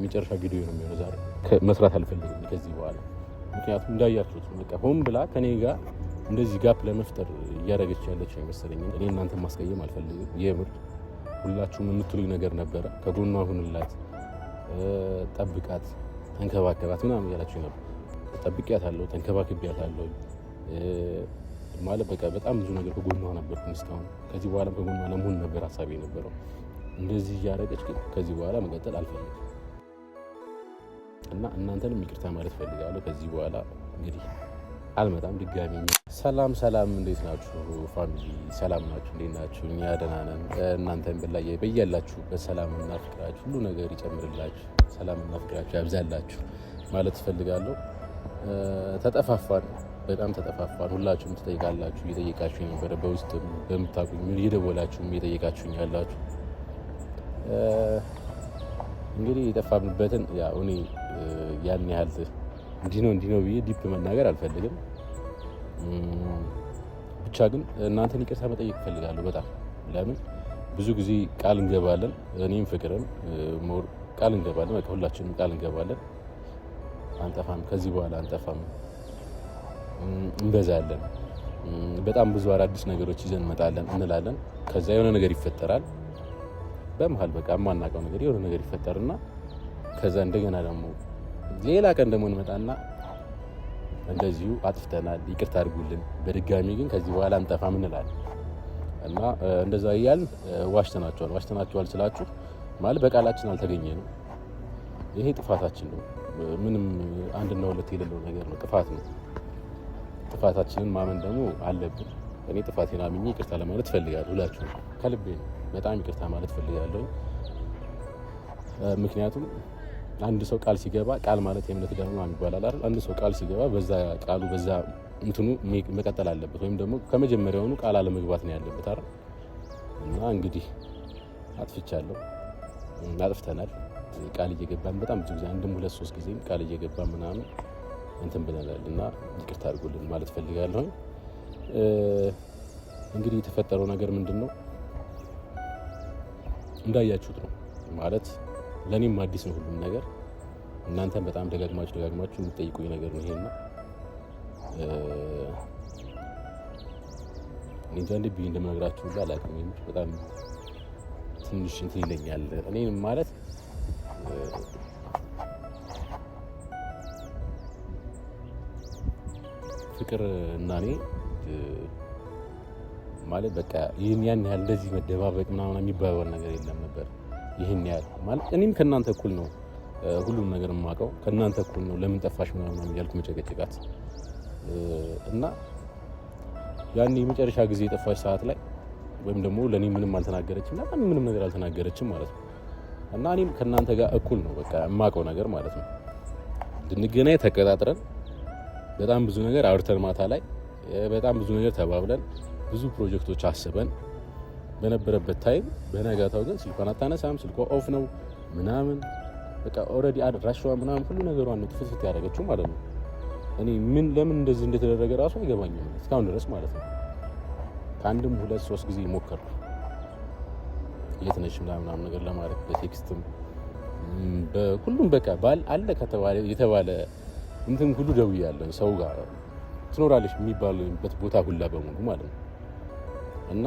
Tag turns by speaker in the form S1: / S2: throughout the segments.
S1: የመጨረሻ ቪዲዮ ነው የሚሆነው። ዛሬ መስራት አልፈልግም ከዚህ በኋላ ምክንያቱም እንዳያችሁት በቃ ሆን ብላ ከኔ ጋር እንደዚህ ጋፕ ለመፍጠር እያደረገች ያለች አይመሰለኝ። እኔ እናንተ ማስቀየም አልፈልግም። የምር ሁላችሁም የምትሉኝ ነገር ነበረ። ከጎኗ ሁንላት፣ ጠብቃት፣ ተንከባከባት ምናምን ያላችሁ ነበር። አለው ተንከባክቢያት አለው ማለት በቃ በጣም ብዙ ነገር ከጎኗ ነበርኩ እስካሁን። ከዚህ በኋላ ከጎኗ ለመሆን ነበር ሀሳቤ የነበረው። እንደዚህ እያደረገች ከዚህ በኋላ መቀጠል አልፈልግም። እና እናንተንም ይቅርታ ማለት ፈልጋለሁ። ከዚህ በኋላ እንግዲህ አልመጣም ድጋሚ። ሰላም ሰላም፣ እንዴት ናችሁ ፋሚሊ? ሰላም ናችሁ? እንዴት ናችሁ? እኛ ደህና ነን። እናንተን በላይ በያላችሁበት ሰላምና ፍቅራችሁ ሁሉ ነገር ይጨምርላችሁ፣ ሰላምና ፍቅራችሁ ያብዛላችሁ ማለት ፈልጋለሁ። ተጠፋፋን፣ በጣም ተጠፋፋን። ሁላችሁም ትጠይቃላችሁ፣ እየጠየቃችሁ የነበረ በውስጥ በምታቁኝ ምን እየደወላችሁም እየጠየቃችሁኝ ያላችሁ እንግዲህ የጠፋብንበትን ያው እኔ ያን ያህል እንዲህ ነው እንዲህ ነው ብዬ ዲፕ መናገር አልፈልግም። ብቻ ግን እናንተን ይቅርታ መጠየቅ እፈልጋለሁ በጣም ለምን ብዙ ጊዜ ቃል እንገባለን፣ እኔም ፍቅርም ሞር ቃል እንገባለን፣ በቃ ሁላችንም ቃል እንገባለን። አንጠፋም፣ ከዚህ በኋላ አንጠፋም፣ እንበዛለን፣ በጣም ብዙ አዳዲስ ነገሮች ይዘን እንመጣለን እንላለን። ከዛ የሆነ ነገር ይፈጠራል በመሀል በቃ የማናውቀው ነገር የሆነ ነገር ይፈጠርና ከዛ እንደገና ደግሞ ሌላ ቀን ደግሞ እንመጣና እንደዚሁ አጥፍተናል፣ ይቅርታ አድርጉልን፣ በድጋሚ ግን ከዚህ በኋላ እንጠፋም እንላለን እና እንደዛ እያል ዋሽተናቸዋል። ዋሽተናቸዋል ስላችሁ ማለት በቃላችን አልተገኘንም። ይሄ ጥፋታችን ነው። ምንም አንድና ሁለት የሌለው ነገር ነው፣ ጥፋት ነው። ጥፋታችንን ማመን ደግሞ አለብን። እኔ ጥፋቴን አምኜ ይቅርታ ለማለት እፈልጋለሁ። ሁላችሁ ከልቤ በጣም ይቅርታ ማለት እፈልጋለሁ። ምክንያቱም አንድ ሰው ቃል ሲገባ ቃል ማለት የእምነት ደም ነው ይባላል አይደል? አንድ ሰው ቃል ሲገባ በዛ ቃሉ በዛ እንትኑ መቀጠል አለበት፣ ወይም ደግሞ ከመጀመሪያውኑ ቃል አለመግባት ነው ያለበት አይደል? እና እንግዲህ አጥፍቻለሁ፣ አጥፍተናል። ቃል እየገባን በጣም ብዙ ጊዜ አንድም ሁለት ሶስት ጊዜ ቃል እየገባን ምናምን እንትን ብለናል እና ይቅርታ አድርጎልን ማለት ፈልጋለሁ። እንግዲህ የተፈጠረው ነገር ምንድን ነው እንዳያችሁት ነው ማለት ለእኔም አዲስ ነው ሁሉም ነገር። እናንተም በጣም ደጋግማችሁ ደጋግማችሁ የምትጠይቁኝ ነገር ነው ይሄና እንጃ እንዴ ብዬ እንደምነግራችሁ ሁላ አላውቅም። በጣም ትንሽ እንትን ይለኛል። እኔ ማለት ፍቅር እና እኔ ማለት በቃ ይህን ያን ያህል እንደዚህ መደባበቅ ምናምን የሚባባል ነገር የለም ነበር ይህን ያህል ማለት እኔም ከእናንተ እኩል ነው ሁሉም ነገር የማውቀው ከእናንተ እኩል ነው። ለምን ጠፋሽ ምናምን እያልኩ መጨቀጨቃት እና ያን የመጨረሻ ጊዜ የጠፋሽ ሰዓት ላይ ወይም ደግሞ ለእኔ ምንም አልተናገረችም እና ምንም ነገር አልተናገረችም ማለት ነው። እና እኔም ከእናንተ ጋር እኩል ነው በቃ የማውቀው ነገር ማለት ነው። እንድንገናኝ ተቀጣጥረን በጣም ብዙ ነገር አውርተን ማታ ላይ በጣም ብዙ ነገር ተባብለን ብዙ ፕሮጀክቶች አስበን በነበረበት ታይም በነጋታው ግን ስልኳን አታነሳም፣ ስልኳ ኦፍ ነው ምናምን በቃ ኦልሬዲ አድራሻዋ ምናምን ሁሉ ነገሯን ፍትፍት ያደረገችው ማለት ነው። እኔ ምን ለምን እንደዚህ እንደተደረገ ራሱ አይገባኝም እስካሁን ድረስ ማለት ነው። ከአንድም ሁለት ሶስት ጊዜ ሞከርኩ የት ነሽ ምናምን ነገር ለማለት በቴክስትም በሁሉም በቃ ባል አለ ከተባለ የተባለ እንትን ሁሉ ደውያለሁ ሰው ጋር ትኖራለች የሚባልበት ቦታ ሁላ በሙሉ ማለት ነው እና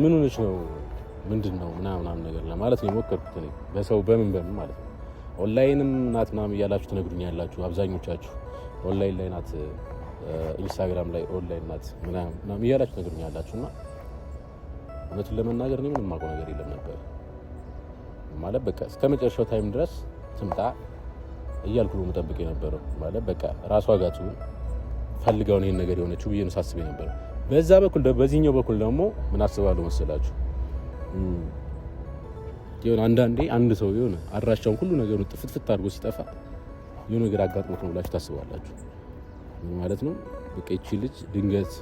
S1: ምን ሆነች ነው ምንድን ነው ምናምን ነገር ለማለት ነው የሞከርኩት። እኔ በሰው በምን በምን ማለት ነው ኦንላይንም ናት ምናምን እያላችሁ ትነግዱኝ ያላችሁ አብዛኞቻችሁ፣ ኦንላይን ላይ ናት፣ ኢንስታግራም ላይ ኦንላይን ናት ምናምን እያላችሁ ትነግዱኝ ያላችሁ እና እውነቱን ለመናገር እኔ ምንም አውቀው ነገር የለም ነበር ማለት በቃ እስከ መጨረሻው ታይም ድረስ ትምጣ እያልኩ ነው የምጠብቅ የነበረው። ማለት በቃ ራሷ ጋር ትሁን ፈልጋውን ይሄን ነገር የሆነችው ብዬ ነው ሳስብ የነበረው። በዛ በኩል በዚህኛው በኩል ደግሞ ምን አስባለሁ መሰላችሁ የሆነ አንዳንዴ አንድ ሰው የሆነ አድራሻውን ሁሉ ነገሩን ጥፍትፍት አድርጎ ሲጠፋ የሆነ ነገር አጋጥሞት ነው ብላችሁ ታስባላችሁ። ማለት ነው በቃ ይቺ ልጅ ድንገት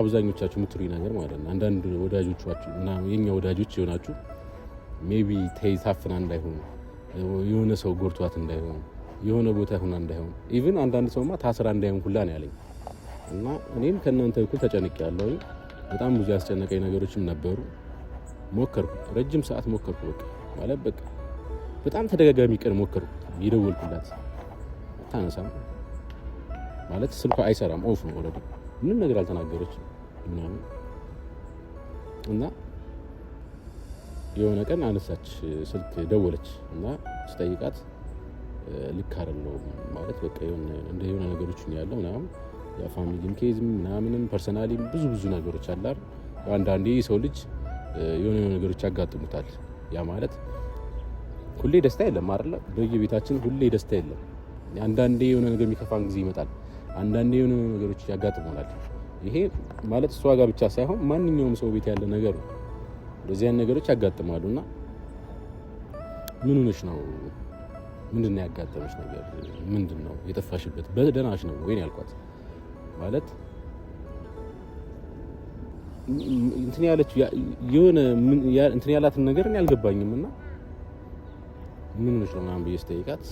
S1: አብዛኞቻችሁ የምትሉኝ ነገር ማለት ነው። አንዳንድ ወዳጆቻችሁ እና የኛ ወዳጆች የሆናችሁ ሜቢ ተይታፍና እንዳይሆኑ የሆነ ሰው ጎርቷት እንዳይሆን የሆነ ቦታ ሆና እንዳይሆኑ ኢቭን አንዳንድ ሰውማ ታስራ እንዳይሆን ሁላ ነው ያለኝ። እና እኔም ከእናንተ እኩል ተጨንቅ ያለው በጣም ብዙ ያስጨነቀኝ ነገሮችም ነበሩ። ሞከርኩ፣ ረጅም ሰዓት ሞከርኩ። በቃ ማለት በቃ በጣም ተደጋጋሚ ቀን ሞከርኩ። የደወልኩላት አታነሳም፣ ማለት ስልኳ አይሰራም፣ ኦፍ ነው። ኦልሬዲ ምንም ነገር አልተናገረችም ምናምን እና የሆነ ቀን አነሳች ስልክ ደወለች እና ስጠይቃት ልክ አይደለሁም ማለት በቃ እንደ የሆነ ነገሮች ያለው ምናምን የፋሚሊም ኬዝም ምናምንም ፐርሰናሊም ብዙ ብዙ ነገሮች አላር አንዳንዴ ሰው ልጅ የሆነ የሆነ ነገሮች ያጋጥሙታል። ያ ማለት ሁሌ ደስታ የለም አለ በየቤታችን ሁሌ ደስታ የለም። አንዳንዴ የሆነ ነገር የሚከፋን ጊዜ ይመጣል። አንዳንዴ የሆነ ነገሮች ያጋጥሙናል። ይሄ ማለት እሷ ጋር ብቻ ሳይሆን ማንኛውም ሰው ቤት ያለ ነገር ነው። እንደዚህ ነገሮች ያጋጥማሉ እና ምን ሆነሽ ነው? ምንድን ነው ያጋጠመሽ ነገር? ምንድን ነው የጠፋሽበት? በደህና ነው ወይን ያልኳት ማለት እንትን ያለች የሆነ እንትን ያላትን ነገር እኔ አልገባኝም። እና ምን ሆነች ነው ምናምን ብዬ ስጠይቃት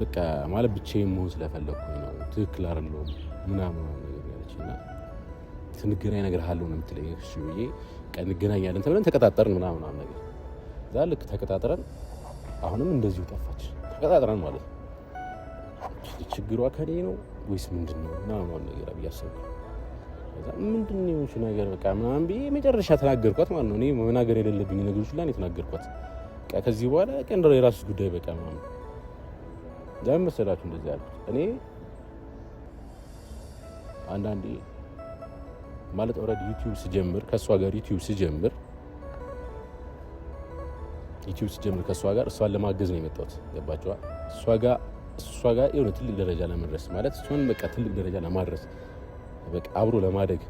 S1: በቃ ማለት ብቻዬን መሆን ስለፈለግኩኝ ነው ትክክል አይደለሁም ምናምን ነገር ያለች እና ትንገናኝ ነገር አለው ነው የምትለኝ እሺ ብዬ እንገናኛለን ተብለን ተቀጣጠርን ምናምን ነገር እዛ ልክ ተቀጣጥረን አሁንም እንደዚሁ ጠፋች ተቀጣጥረን ማለት ነው ችግሯ ከኔ ነው ወይስ ምንድን ነው ምናምን ነገር ብዬ ምንድን ነው የሆንሽ ነገር በቃ ምናምን ብዬ መጨረሻ ተናገርኳት ማለት ነው። እኔ መናገር የሌለብኝ ነገሮች ላይ የተናገርኳት ከዚህ በኋላ ቀን የራሱ ጉዳይ በቃ ምናምን ዛም መሰላችሁ እንደዚህ ያልኩት? እኔ አንዳንዴ ማለት ኦልሬዲ ዩቲዩብ ስጀምር ከእሷ ጋር ዩቲዩብ ስጀምር ዩቲዩብ ስጀምር ከእሷ ጋር እሷን ለማገዝ ነው የመጣሁት። ገባችኋል? እሷ ጋር እሷ ጋር የሆነ ትልቅ ደረጃ ለመድረስ ማለት እሷን በቃ ትልቅ ደረጃ ለማድረስ በቃ አብሮ ለማደግ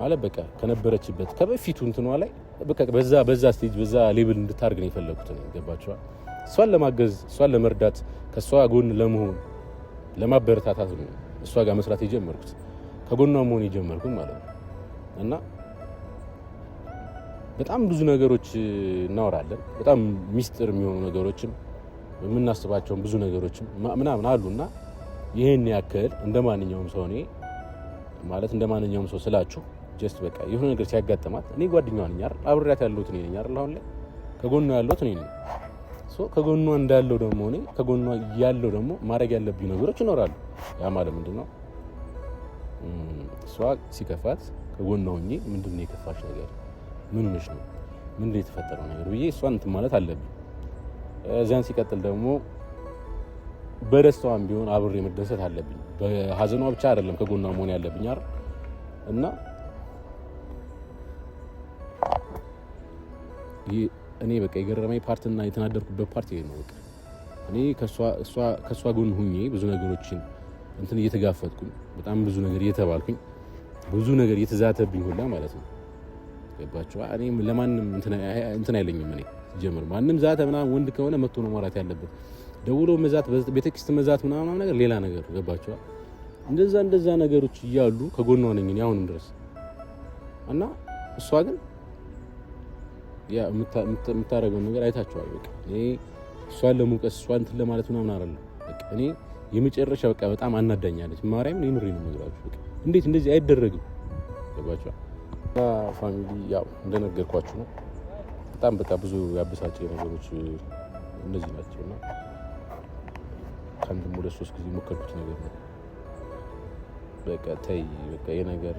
S1: ማለት በቃ ከነበረችበት ከበፊቱ እንትኗ ላይ በቃ በዛ በዛ ስቴጅ በዛ ሌብል እንድታርግ ነው የፈለጉት ነው ገባችኋል። እሷን ለማገዝ እሷን ለመርዳት ከእሷ ጎን ለመሆን ለማበረታታት ነው እሷ ጋር መስራት የጀመርኩት ከጎኗ መሆን የጀመርኩት ማለት ነው። እና በጣም ብዙ ነገሮች እናወራለን። በጣም ሚስጥር የሚሆኑ ነገሮችም የምናስባቸውን ብዙ ነገሮች ምናምን አሉና ይህን ያክል እንደ ማንኛውም ሰው እኔ ማለት እንደ ማንኛውም ሰው ስላችሁ ጀስት በቃ የሆነ ነገር ሲያጋጥማት እኔ ጓደኛዋ ነኝ አይደል፣ አብሬያት ያለሁት እኔ ነኝ አይደል፣ አሁን ላይ ከጎኗ ያለሁት እኔ ነኝ። ከጎኗ እንዳለው ደግሞ እኔ ከጎኗ ያለው ደግሞ ማድረግ ያለብኝ ነገሮች ይኖራሉ። ያ ማለት ምንድን ነው? እሷ ሲከፋት ከጎኗ ሆኜ ምንድን ነው የከፋሽ ነገር ምን ነው ምንድን ነው የተፈጠረው ነገር ብዬ እሷን እንትን ማለት አለብኝ። እዚያን ሲቀጥል ደግሞ በደስታዋም ቢሆን አብሬ መደሰት አለብኝ። በሀዘኗ ብቻ አይደለም ከጎኗ መሆን ያለብኝ አይደል እና እኔ በቃ የገረመኝ እና የተናደርኩበት ፓርት ይሄ ነው። በቃ እኔ ከእሷ ጎን ሁኜ ብዙ ነገሮችን እንትን እየተጋፈጥኩኝ በጣም ብዙ ነገር እየተባልኩኝ ብዙ ነገር እየተዛተብኝ ሁላ ማለት ነው። ገባችኋ? እኔ ለማንም እንትን አይለኝም እኔ ጀምር ማንም ዛተ ምናምን ወንድ ከሆነ መጥቶ ነው ማውራት ያለበት። ደውሎ መዛት፣ ቤተክርስት መዛት ምናምን ነገር ሌላ ነገር ገባቸዋል። እንደዛ እንደዛ ነገሮች እያሉ ከጎኗ ነኝ እኔ አሁንም ድረስ እና እሷ ግን ያ የምታደርገውን ነገር አይታችኋል። በቃ እኔ እሷን ለመውቀስ እሷን እንትን ለማለት ምናምን አይደለም። በቃ እኔ የመጨረሻ በቃ በጣም አናዳኛለች። ማርያምን የምሬ ነው የምነግራችሁ። በቃ እንዴት እንደዚህ አይደረግም። ገባችኋል? ፋሚሊ ያው እንደነገርኳችሁ ነው። በጣም በቃ ብዙ ያበሳጨኝ ነገሮች እነዚህ ናቸው እና ከአንድም ሁለት ሶስት ጊዜ የሞከርኩት ነገር ነው። በቃ ተይ በቃ ይህ ነገር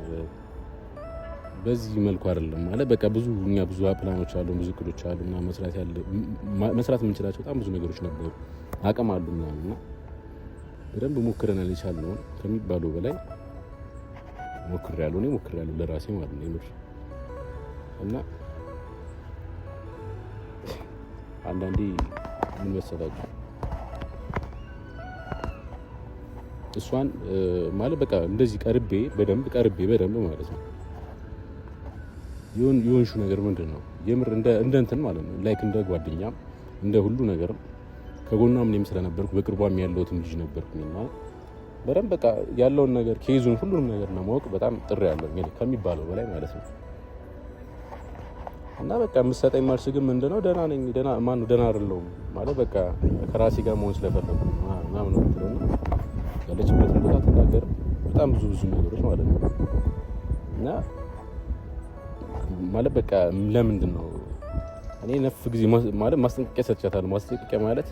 S1: በዚህ መልኩ አይደለም ማለት በቃ ብዙ እኛ ብዙ ፕላኖች አሉ፣ ብዙ እቅዶች አሉ እና መስራት ያለ መስራት የምንችላቸው በጣም ብዙ ነገሮች ነበሩ፣ አቅም አሉ ምናምን እና በደንብ ሞክረናል። የቻልነውን ከሚባለው በላይ ሞክሬያለሁ፣ እኔ ሞክሬያለሁ ለራሴ ማለት ነው እና አንዳንዴ ምን መሰላችሁ እሷን ማለት በቃ እንደዚህ ቀርቤ በደንብ ቀርቤ በደንብ ማለት ነው ይሁንሹ ነገር ምንድን ነው የምር እንደ እንትን ማለት ነው ላይክ እንደ ጓደኛ እንደ ሁሉ ነገርም ከጎኗም እኔም ስለነበርኩ በቅርቧም ያለሁትም ልጅ ነበርኩኝና በደንብ በቃ ያለውን ነገር ኬዙን ሁሉንም ነገር ለማወቅ በጣም ጥሪ ያለው ከሚባለው በላይ ማለት ነው እና በቃ የምትሰጠኝ መልስ ግን ምንድነው ደህና ነኝ ደህና ማነው ደህና አይደለሁም ማለት በቃ ከራሴ ጋር መሆን ስለፈለኩ ምናምን ነው ያለችበትን ቦታ በጣም ብዙ ብዙ ነገሮች ማለት ነው እና ማለት በቃ ለምንድን ነው እኔ ነፍ ጊዜ ማለት ማስጠንቀቂያ ሰጥቻታለሁ። ማስጠንቀቂያ ማለት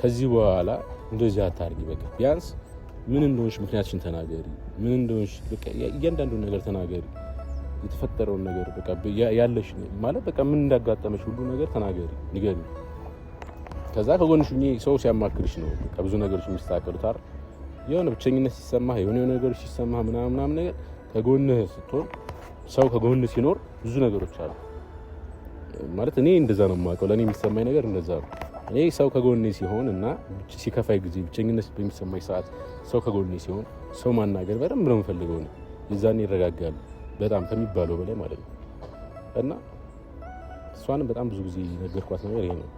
S1: ከዚህ በኋላ እንደዚህ አታርጊ፣ በቃ ቢያንስ ምን እንደሆንሽ ምክንያትሽን ተናገሪ፣ ምን እንደሆንሽ እያንዳንዱን ነገር ተናገሪ የተፈጠረውን ነገር በቃ ያለሽ ማለት በቃ ምን እንዳጋጠመሽ ሁሉ ነገር ተናገሪ፣ ንገሪ። ከዛ ከጎንሽ ሁኚ። ሰው ሲያማክርሽ ነው በቃ ብዙ ነገሮች የሚስተካከሉት አይደል? የሆነ ብቸኝነት ሲሰማህ የሆነ የሆነ ነገሮች ሲሰማህ ምናምን ምናምን ነገር ከጎንህ ስትሆን ሰው ከጎንህ ሲኖር ብዙ ነገሮች አሉ ማለት እኔ እንደዛ ነው የማውቀው። ለእኔ የሚሰማኝ ነገር እንደዛ ነው። እኔ ሰው ከጎኔ ሲሆን እና ሲከፋይ ጊዜ ብቸኝነት በሚሰማኝ ሰዓት ሰው ከጎኔ ሲሆን ሰው ማናገር በደንብ ነው የምፈልገው። እኔ የዛኔ ይረጋጋሉ። በጣም ከሚባለው በላይ ማለት ነው። እና እሷንም በጣም ብዙ ጊዜ ነገርኳት ነገር ይሄ ነው።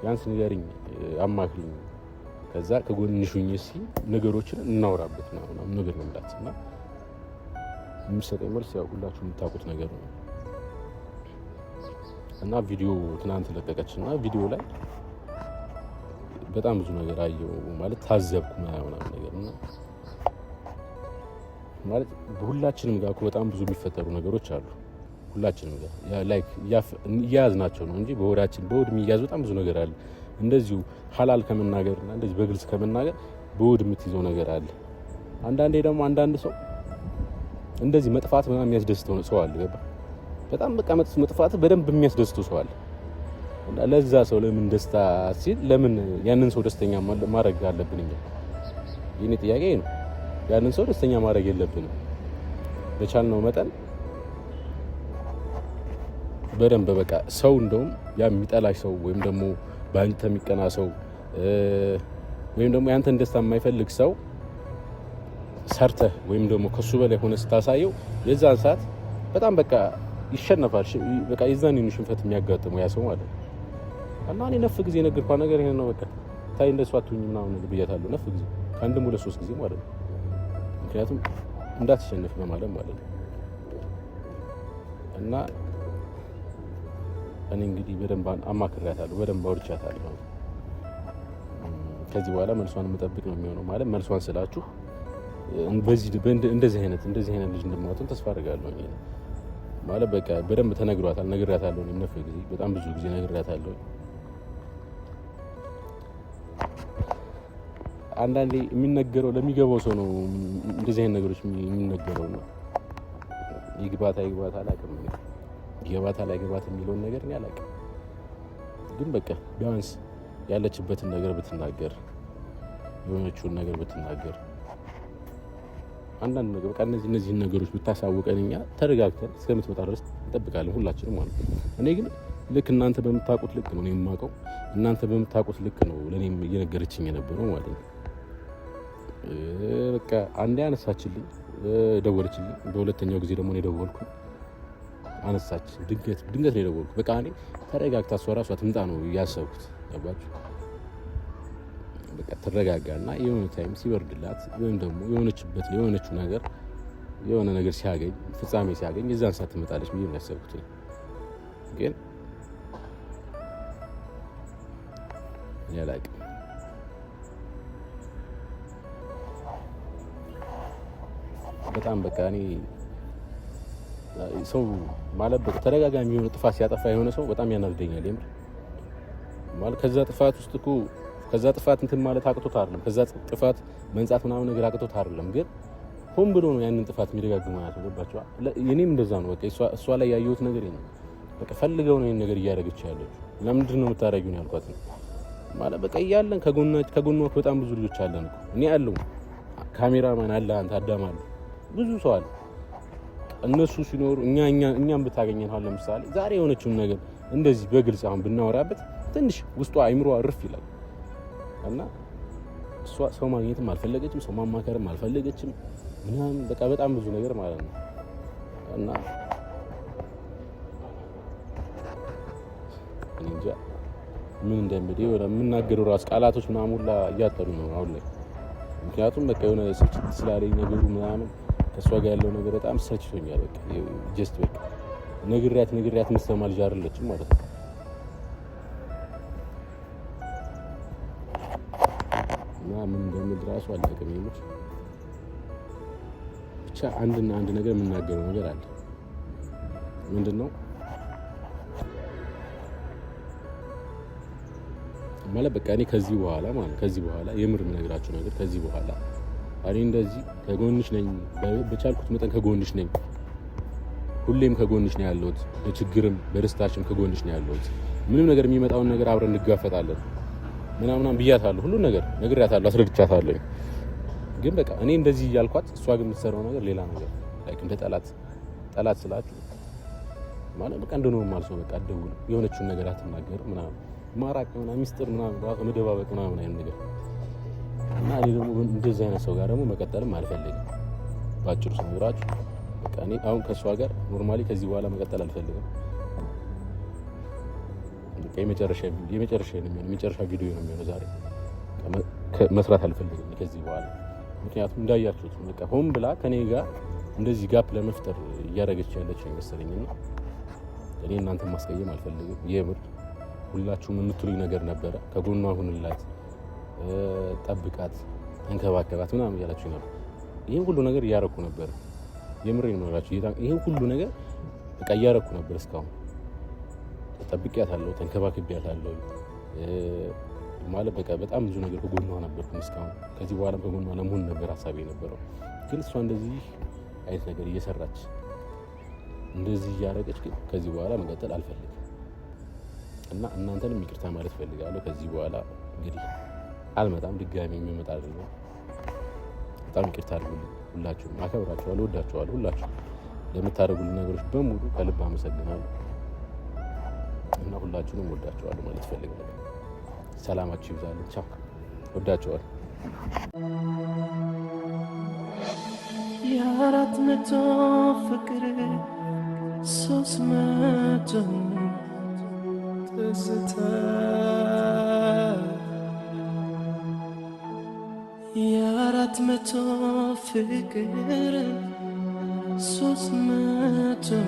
S1: ቢያንስ ንገሪኝ፣ አማክሪኝ፣ ከዛ ከጎንሽ ሁኚ እስኪ ነገሮችን እናውራበት ምናምን ነገር ነው የምላት እና የምትሰጠኝ መልስ ያው ሁላችሁ የምታውቁት ነገር ነው። እና ቪዲዮ ትናንት ለቀቀች እና ቪዲዮ ላይ በጣም ብዙ ነገር አየው ማለት ታዘብኩ ምናምን ነገር እና ማለት በሁላችንም ጋር በጣም ብዙ የሚፈጠሩ ነገሮች አሉ። ሁላችንም ጋር ላይክ ናቸው ነው እንጂ በወዳችን በወድ የሚያዝ በጣም ብዙ ነገር አለ። እንደዚሁ ሀላል ከመናገር እና እንደዚህ በግልጽ ከመናገር በወድ የምትይዘው ነገር አለ። አንዳንዴ ደግሞ አንዳንድ ሰው እንደዚህ መጥፋት በጣም የሚያስደስተው ሰው አለ። ገባ በጣም በቃ መጥፋት በደንብ የሚያስደስተው ሰው አለ። ለዛ ሰው ለምን ደስታ ሲል ለምን ያንን ሰው ደስተኛ ማድረግ አለብን እኛ? ጥያቄ ነው። ያንን ሰው ደስተኛ ማድረግ የለብንም። በቻልነው መጠን በደንብ በቃ ሰው እንደውም ያ የሚጠላሽ ሰው ወይም ደግሞ በአንተ የሚቀና ሰው ወይም ደግሞ ያንተን ደስታ የማይፈልግ ሰው ሰርተህ ወይም ደግሞ ከሱ በላይ ሆነ ስታሳየው የዛን ሰዓት በጣም በቃ ይሸነፋል። በቃ የዛን ሽንፈት የሚያጋጥመው ያ ሰው ማለት እና እኔ ነፍ ጊዜ የነገርኳት ነገር ይሄን ነው። በቃ ታይ እንደሷ አትሁኝ ምናምን ብያታለሁ። ነፍ ጊዜ አንድም ሁለት ሶስት ጊዜ ማለት ነው። ምክንያቱም እንዳትሸንፍ በማለት ማለት ነው። እና እኔ እንግዲህ በደንብ አማክሬያታለሁ፣ በደንብ አውርቻታለሁ። ከዚህ በኋላ መልሷን መጠብቅ ነው የሚሆነው። ማለት መልሷን ስላችሁ እንደዚህ አይነት እንደዚህ አይነት ልጅ እንደማትሆን ተስፋ አድርጋለሁ። ማለት በቃ በደንብ ተነግሯታል፣ ነግሬያታለሁ። ነፍ ጊዜ በጣም ብዙ ጊዜ ነግሬያታለሁ። አንዳንዴ የሚነገረው ለሚገባው ሰው ነው። እንደዚህ አይነት ነገሮች የሚነገረው ነው። ይግባታ ይግባታ አላውቅም፣ ይገባት አላይገባት የሚለውን ነገር እኔ አላውቅም። ግን በቃ ቢያንስ ያለችበትን ነገር ብትናገር፣ የሆነችውን ነገር ብትናገር፣ አንዳንድ ነገር በቃ እነዚህ እነዚህን ነገሮች ብታሳውቀን እኛ ተረጋግተን እስከምትመጣ ድረስ እንጠብቃለን ሁላችንም ማለት ነው። እኔ ግን ልክ እናንተ በምታውቁት ልክ ነው እኔ የማውቀው፣ እናንተ በምታውቁት ልክ ነው ለእኔም እየነገረችኝ የነበረው ማለት ነው። በቃ አንዴ አነሳችልኝ፣ ደወለችልኝ። በሁለተኛው ጊዜ ደግሞ የደወልኩ አነሳች። ድንገት ድንገት ነው የደወልኩ። በቃ እኔ ተረጋግታ እሷ እራሷ ትምጣ ነው ያሰብኩት። ገባችሁ? በቃ ትረጋጋና የሆነ ታይም ሲበርድላት ወይም ደግሞ የሆነችበት የሆነችው ነገር የሆነ ነገር ሲያገኝ ፍጻሜ ሲያገኝ የዛን ሰዓት ትመጣለች ብዬ ያሰብኩት። ግን ያላቅ በጣም በቃ እኔ ሰው ማለት ተደጋጋሚ የሆነ ጥፋት ሲያጠፋ የሆነ ሰው በጣም ያናግደኛል። የምር ማለት ከዛ ጥፋት ውስጥ እኮ ከዛ ጥፋት እንትን ማለት አቅቶት አይደለም፣ ከዛ ጥፋት መንጻት ምናምን ነገር አቅቶት አይደለም። ግን ሆን ብሎ ነው ያንን ጥፋት የሚደጋግመው ያስገባቸዋል። እኔም እንደዛ ነው በቃ እሷ ላይ ያየሁት ነገር ነው። በቃ ፈልገው ነው ይህን ነገር እያደረገች ያለች። ለምንድን ነው የምታደርጊው ነው ያልኳት። ማለት በቃ እያለን ከጎኗ በጣም ብዙ ልጆች አለን እኮ እኔ አለው ካሜራማን አለ አንተ አዳም አለው ብዙ ሰው አለ። እነሱ ሲኖሩ እኛ እኛም ብታገኘን አሁን ለምሳሌ ዛሬ የሆነችውን ነገር እንደዚህ በግልጽ አሁን ብናወራበት ትንሽ ውስጧ አይምሮ አርፍ ይላል እና እሷ ሰው ማግኘትም አልፈለገችም፣ ሰው ማማከርም አልፈለገችም ምናምን በቃ በጣም ብዙ ነገር ማለት ነው እና እንጃ ምን እንደሚል የሆነ የምናገረው ራስ ቃላቶች ምናምን ሁላ እያጠሩ ነው አሁን ላይ። ምክንያቱም በቃ የሆነ ስልችት ስላለኝ ነገሩ ምናምን ከእሷ ጋር ያለው ነገር በጣም ሰችቶኛል። በቃ ጀስት በቃ ነግሪያት ነግሪያት የምትሰማ ልጅ አይደለችም ማለት ነው። እና ምን እንደምል ራሱ አላውቅም። የምር ብቻ አንድና አንድ ነገር የምናገረው ነገር አለ። ምንድን ነው ማለት በቃ እኔ ከዚህ በኋላ ማለት ከዚህ በኋላ የምር የምነግራችሁ ነገር ከዚህ በኋላ እኔ እንደዚህ ከጎንሽ ነኝ፣ በቻልኩት መጠን ከጎንሽ ነኝ። ሁሌም ከጎንሽ ነው ያለሁት። በችግርም በደስታሽም ከጎንሽ ነው ያለሁት። ምንም ነገር የሚመጣውን ነገር አብረን እንጋፈጣለን ምናምናም ብያታለሁ። ሁሉን ነገር ነግሬያታለሁ፣ አስረድቻታለሁ። ግን በቃ እኔ እንደዚህ እያልኳት እሷ ግን የምትሰራው ነገር ሌላ ነገር ላይክ እንደ ጠላት ጠላት ስላት ማለት በቃ እንደ ኖርማል ሰው በቃ አትደውልም፣ የሆነችውን ነገር አትናገርም ምናምን ማራቅ ምናምን ሚስጥር ምናምን መደባበቅ ምናምን አይነት ነገር እኔ ደግሞ እንደዚህ አይነት ሰው ጋር ደግሞ መቀጠልም አልፈልግም። ባጭሩ ስነግራችሁ በቃ እኔ አሁን ከእሷ ጋር ኖርማሊ ከዚህ በኋላ መቀጠል አልፈልግም። የመጨረሻ ቪዲዮ ነው የሚሆነው ዛሬ መስራት አልፈልግም ከዚህ በኋላ ምክንያቱም እንዳያችሁት በቃ ሆን ብላ ከኔ ጋር እንደዚህ ጋፕ ለመፍጠር እያደረገች ያለች ነው የመሰለኝና እኔ እናንተን ማስቀየም አልፈልግም። የምር ሁላችሁም የምትሉኝ ነገር ነበረ፣ ከጎኗ ሁንላት፣ ጠብቃት እንከባከባት ምናምን እያላችሁ ነበር። ይህን ሁሉ ነገር እያረኩ ነበር። ነው መላችሁ ይህን ሁሉ ነገር በቃ እያረኩ ነበር። እስካሁን ጠብቄያታለሁ፣ ተንከባክቤያታለሁ ማለት በቃ በጣም ብዙ ነገር ከጎኗ ነበር። እስካሁን። ከዚህ በኋላ ከጎኗ ለመሆን ነበር ሀሳቤ የነበረው። ግን እሷ እንደዚህ አይነት ነገር እየሰራች እንደዚህ እያረገች ግን ከዚህ በኋላ መቀጠል አልፈልግም እና እናንተንም ይቅርታ ማለት እፈልጋለሁ። ከዚህ በኋላ እንግዲህ አልመጣም፣ ድጋሚ የሚመጣ አይደለም። በጣም ይቅርታ አድርጉልኝ። ሁላችሁም አከብራችኋለሁ፣ ወዳችኋለሁ። ሁላችሁ ለምታደርጉልኝ ነገሮች በሙሉ ከልብ አመሰግናለሁ እና ሁላችሁንም ወዳችኋለሁ ማለት እፈልጋለሁ። ሰላማችሁ ይብዛልኝ። ቻው፣ ወዳችኋለሁ። የአራት መቶ ፍቅር ሶስት መቶ ትዝታ የአራት መቶ ፍቅር ሶስት መቶ